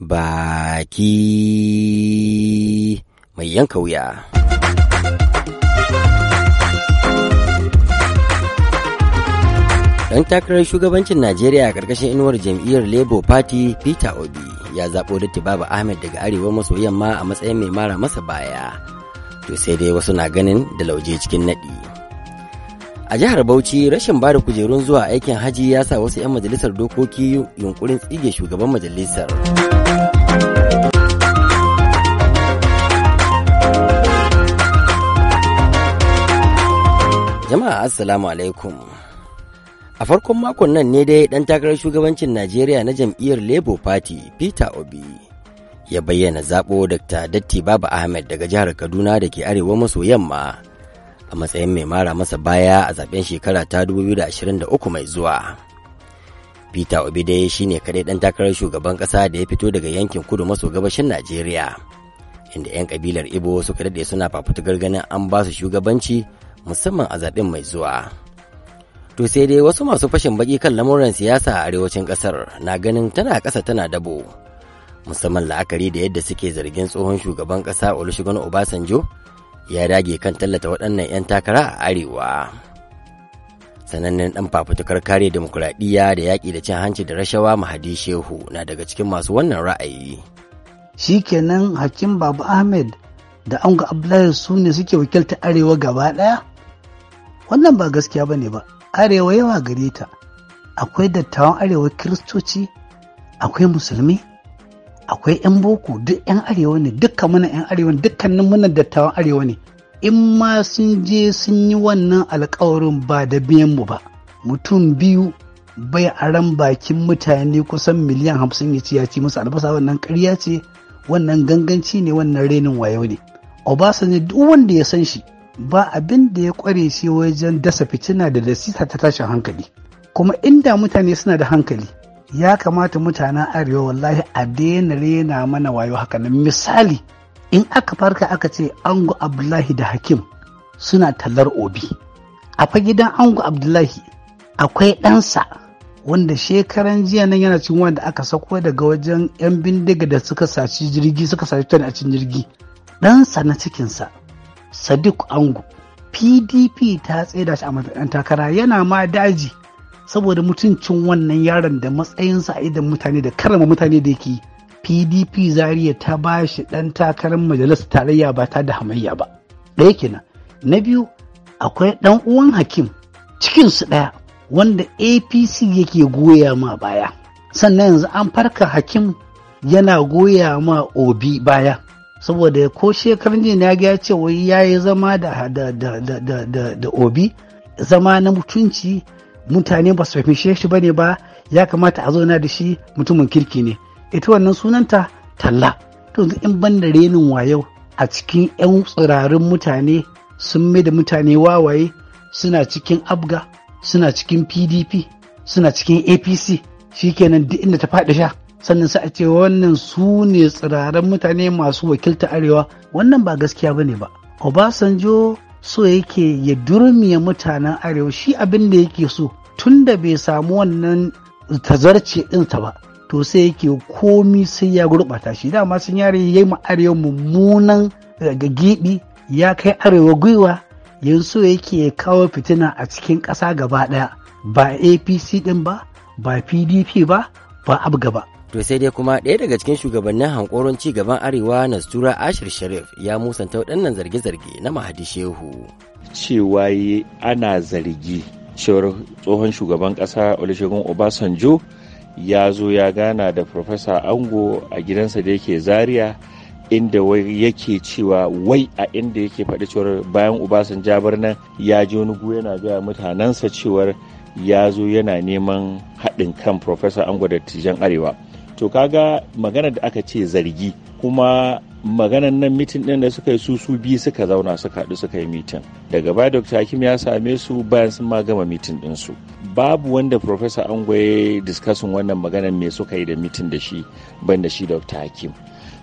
baki mai yanka wuya. Ɗan takarar shugabancin Najeriya a ƙarƙashin inuwar jam'iyyar Labour Party Peter Obi ya zaɓo Datti Baba Ahmed daga arewa maso yamma a matsayin mai mara masa baya. To sai dai wasu na ganin da lauje cikin naɗi. A jihar Bauchi rashin bada kujerun zuwa aikin haji ya sa wasu 'yan majalisar dokoki yunkurin tsige shugaban majalisar. assalamu alaikum. A farkon makon nan ne dai ɗan takarar shugabancin Najeriya na jam'iyyar Labour Party Peter Obi ya bayyana zaɓo Dr. Datti Baba Ahmed daga jihar Kaduna da ke arewa maso yamma a matsayin mai mara masa baya a zaben shekara ta 2023 mai zuwa. Peter Obi dai shine kaɗai ɗan takarar shugaban ƙasa da ya fito daga yankin kudu maso gabashin Najeriya, inda 'yan kabilar Ibo suka daɗe suna fafutukar ganin an ba su shugabanci musamman a zaɓen mai zuwa. To sai dai wasu masu fashin baki kan lamuran siyasa a arewacin ƙasar na ganin tana ƙasa tana dabo. Musamman la'akari da yadda suke zargin tsohon shugaban ƙasa Olusegun Obasanjo ya dage kan tallata waɗannan 'yan takara a arewa. Sanannen ɗan fafutukar kare demokuraɗiyya da yaƙi da cin hanci da rashawa Mahadi Shehu na daga cikin masu wannan ra'ayi. Shi kenan Hakim Babu Ahmed da Anga Abdullahi su ne suke wakiltar arewa gaba ɗaya? wannan ba gaskiya ba ne ba arewa yawa gare ta akwai dattawan arewa kiristoci akwai musulmi akwai 'yan boko duk 'yan arewa ne dukkan muna 'yan arewa ne? dukkanin muna dattawan arewa ne in ma sun je sun yi wannan alkawarin ba da biyan mu ba mutum biyu bai aran bakin mutane kusan miliyan hamsin ya ci ya ci musu albasa wannan karya ce wannan ganganci ne wannan renin wayo ne obasanjo duk wanda ya san shi ba abin da ya kware shi wajen dasa fitina da dasisa ta tashin hankali kuma inda mutane suna da hankali ya kamata mutanen arewa wallahi a daina rena mana wayo haka nan misali in aka farka aka ce ango abdullahi da hakim suna tallar obi fa gidan ango abdullahi akwai ɗansa wanda shekaran jiya nan yana cin wanda aka sako daga wajen 'yan bindiga da suka saci jirgi suka saci tani a cikin jirgi ɗansa na cikinsa sadiq ango pdp ta tsaida shi a matsayin takara yana ma daji saboda mutuncin wannan yaron da matsayinsa a idan mutane da karama mutane da yake pdp zaria ta ba shi ɗan takarar majalisar tarayya ba ta da hamayya ba ɗaya kenan na biyu akwai ɗan uwan hakim cikin su ɗaya wanda apc yake goya ma baya sannan yanzu an farka hakim yana goya ma obi baya saboda ko shekarun jin ya ga ce wai ya yi zama da obi zama na mutunci mutane ba su fahimce shi ne ba ya kamata a zauna da shi mutumin kirki ne ita wannan sunanta talla to in ban da renin wayo a cikin 'yan tsirarin mutane sun mai da mutane wawaye suna cikin abga suna cikin pdp suna cikin apc shi shikenan duk inda ta faɗi sha sannan sai a ce wannan su ne tsiraren mutane masu wakilta arewa wannan ba gaskiya ba ne ba obasanjo so yake ya durmiya mutanen arewa shi abin da yake so tun da bai samu wannan tazarce ɗinsa ba to sai yake komi sai ya gurɓata shi dama sun yare ya yi arewa mummunan gibi ya kai arewa gwiwa yanzu yake ya kawo fitina a cikin ƙasa gaba ɗaya ba apc ɗin ba ba pdp ba ba abga ba to sai dai kuma ɗaya daga cikin shugabannin hankoron ci gaban arewa na sura ashir sharif ya musanta waɗannan zarge-zarge na mahadi shehu cewa ana zargi cewar tsohon shugaban ƙasa olusegun obasanjo ya zo ya gana da profesa ango a gidansa da yake zaria inda yake cewa wai a inda yake faɗi cewar bayan obasanjo jabar nan ya ji wani gu yana gaya mutanensa cewar ya zo yana neman haɗin kan profesa ango da tijan arewa to kaga maganar da aka ce zargi kuma maganan nan mitin ɗin da suka yi su su biyu suka zauna suka haɗu suka yi mitin daga baya dr hakim ya same su bayan sun ma gama mitin su babu wanda professor ango diskasin discussing wannan maganar me suka yi da mitin da shi ban da shi dr hakim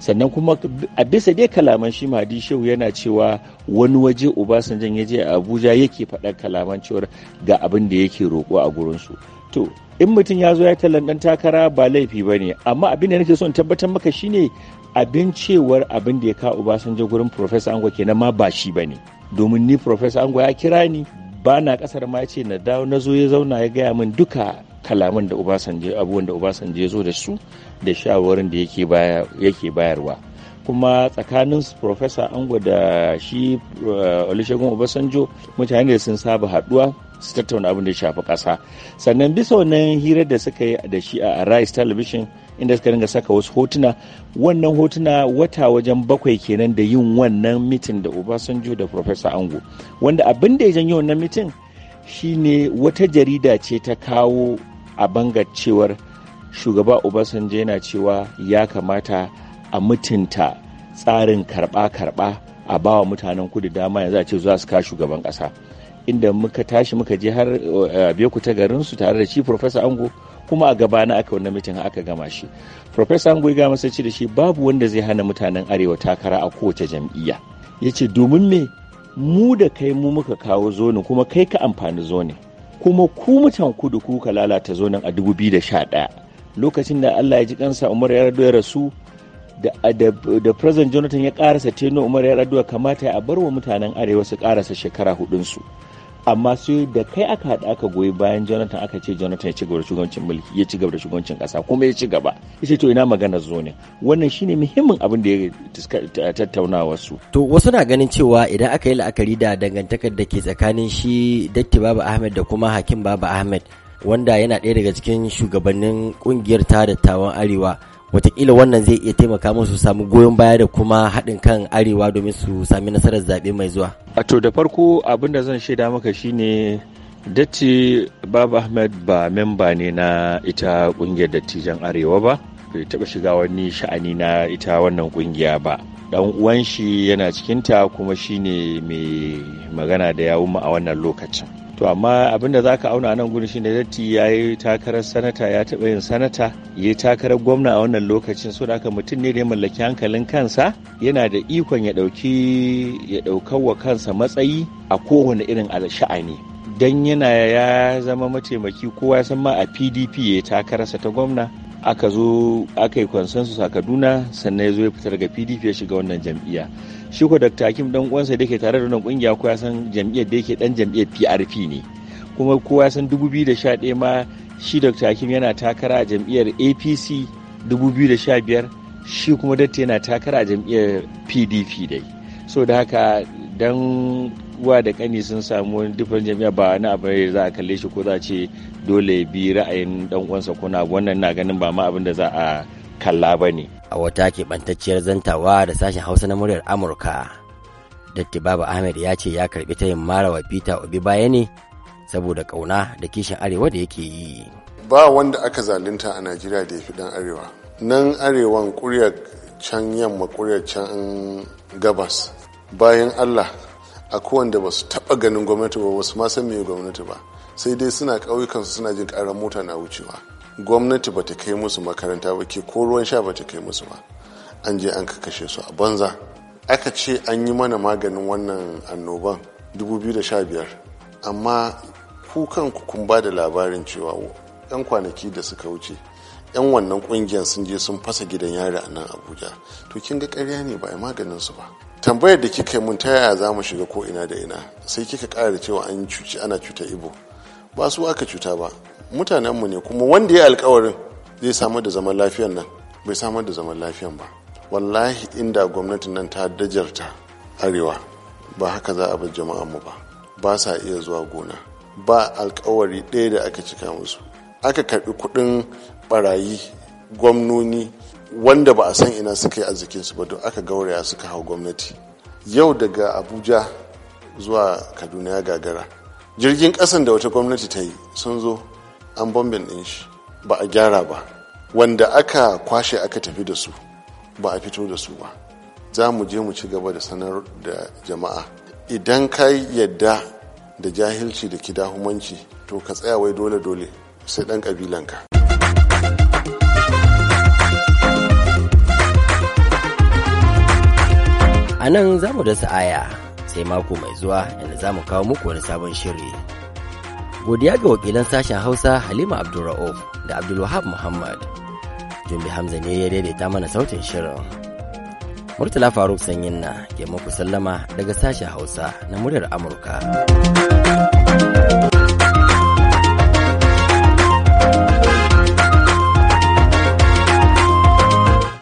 sannan kuma a bisa dai kalaman shi madi shehu yana cewa wani waje obasanjan ya je a abuja yake faɗar kalaman cewar ga abin da yake roƙo a gurinsu to in mutum ya zo ya tallan takara ba laifi ba ne amma abin da nake son tabbatar maka shine abin cewar abin da ya kawo obasanjo gurin professor ango kenan ma ba shi ba ne domin ni professor ango ya kira ni ba na kasar ma ce na dawo na zo ya zauna ya gaya min duka kalaman da Obasanjo abubuwan da Obasanjo ya zo da su da shawarin da yake bayarwa. kuma tsakanin Profesa Ango da shi eh, Olusegun Obasanjo mutane da sun saba haduwa su tattauna abin da ya shafi ƙasa sannan bisa wannan hirar da suka yi da shi a Arise Television inda suka dinga saka wasu hotuna wannan hotuna wata wajen bakwai kenan da yin wannan mitin da Obasanjo da Profesa Ango wanda abin da ya janyo wannan mitin shine wata jarida ce ta kawo a bangar cewar shugaba obasanjo yana cewa ya kamata a mutunta tsarin karba-karba a bawa mutanen kudu dama yanzu a ce za su kawo shugaban ƙasa inda muka tashi muka je har eh, beku ta garinsu tare da shi Profesa ango kuma a gabana aka wannan mitin aka gama shi Profesa ango ya gama da shi babu wanda zai hana mutanen arewa takara a kowace jam'iyya ya ce domin me mu da kai mu muka kawo zoni kuma kai ka amfani zoni kuma ku kudu kuka lalata zonan a 2011 lokacin da Allah ya ji kansa Umar ya ya rasu da president jonathan ya karasa teno umar ya rado kamata ya bar wa mutanen arewa su karasa shekara hudunsu amma sai da kai aka haɗa aka goyi bayan jonathan aka ce jonathan ya ci gaba da shugabancin mulki ya ci gaba da shugabancin ƙasa kuma ya ci gaba ya ce to ina magana zo ne wannan shine muhimmin abin da ya tattauna wasu. to wasu na ganin cewa idan aka yi la'akari da dangantakar da ke tsakanin shi datti baba ahmed da kuma hakim baba ahmed wanda yana ɗaya daga cikin shugabannin ƙungiyar ta dattawan arewa watakila wannan zai iya taimaka musu samu goyon baya da kuma haɗin kan arewa domin su sami nasarar zaɓe mai zuwa. to da farko abin da zan shaida maka shine datti baba ahmed ba memba ne na ita ƙungiyar dattijan arewa ba bai taɓa shiga wani sha'ani na ita wannan kungiya ba dan uwan shi yana cikinta kuma shine mai magana da yawun a wannan lokacin to amma abin da za ka auna nan gudun shi ne datti ya yi takarar sanata ya taɓa yin sanata ya yi takarar gwamna a wannan lokacin so da mutum ne da ya mallaki hankalin kansa yana da ikon ya ɗauki ya ɗaukar wa kansa matsayi a kowane irin sha'ani don yana ya zama mataimaki kowa ya san ma a pdp ya yi takararsa ta gwamna aka zo aka yi consensus a kaduna sannan ya zo ya fita daga pdp ya shiga wannan jam'iyya shi ko dr hakim dan uwansa da ke tare da wannan kungiya ko ya san jam'iyyar da yake dan jam'iyyar prp ne kuma ko ya san 2011 ma shi dr hakim yana takara a jam'iyyar apc 2015 shi kuma datta yana takara a jam'iyyar pdp dai so da haka dan uwa da kani sun samu wani jami'a ba wani abu ne za a kalle shi ko za a ce dole bi ra'ayin dan uwansa ko na wannan na ganin ba ma abin da za a kalla ba ne. A wata keɓantacciyar zantawa da sashen Hausa na muryar Amurka, Datti Baba Ahmed ya ce ya karɓi tayin marawa Peter Obi baya ne saboda ƙauna da kishin arewa da yake yi. Ba wanda aka zalunta a Najeriya da ya fi dan arewa. Nan arewan ƙuryar can yamma ƙuryar can gabas. Bayan Allah a kowanda ba su taɓa ganin gwamnati ba ba ma san meye gwamnati ba sai dai suna ƙauyukansu suna jin ƙarar mota na wucewa gwamnati ba ta kai musu makaranta ba ke ko ruwan sha ba ta kai musu ba an je an kashe su a banza aka ce an yi mana maganin wannan annoban 2015 amma ku kanku kun ba da labarin cewa 'yan kwanaki da suka wuce 'yan wannan kungiyar sun je sun fasa gidan yari a nan abuja to kin ga karya ne ba a maganin su ba tambayar da kika mun ta yaya za mu shiga ko ina da ina sai kika ƙara da cewa an cuci ana cuta ibo ba su aka cuta ba mutanenmu ne kuma wanda ya alkawarin zai samar da zaman lafiyan nan bai samar da zaman lafiyan ba wallahi inda gwamnatin nan ta dajarta arewa ba haka za a bar mu ba ba sa iya zuwa gona ba alkawari ɗaya da aka cika musu aka karbi kuɗin barayi gwamnoni wanda ba a san ina suka yi arzikinsu ba don aka gauraya suka hau gwamnati yau daga abuja zuwa kaduna ya gagara jirgin kasan da wata gwamnati ta yi sun zo an bombin din shi ba a gyara ba wanda aka kwashe aka tafi da su ba a fito da su ba za mu je mu ci gaba da sanar da jama'a idan ka yadda da jahilci da kidahumanci to ka tsaya wai dole-dole sai ɗan ƙabilanka A nan za mu da sa'aya sai mako mai zuwa inda za mu kawo muku wani sabon shiri. Godiya ga wakilan sashen Hausa Halima Abdulra'uf da Abdulwahab Muhammad. Jumbi Hamza ne ya daidaita mana sautin shirin. Murtala Faruk Sanyin na ke muku sallama daga sashen Hausa na muryar Amurka.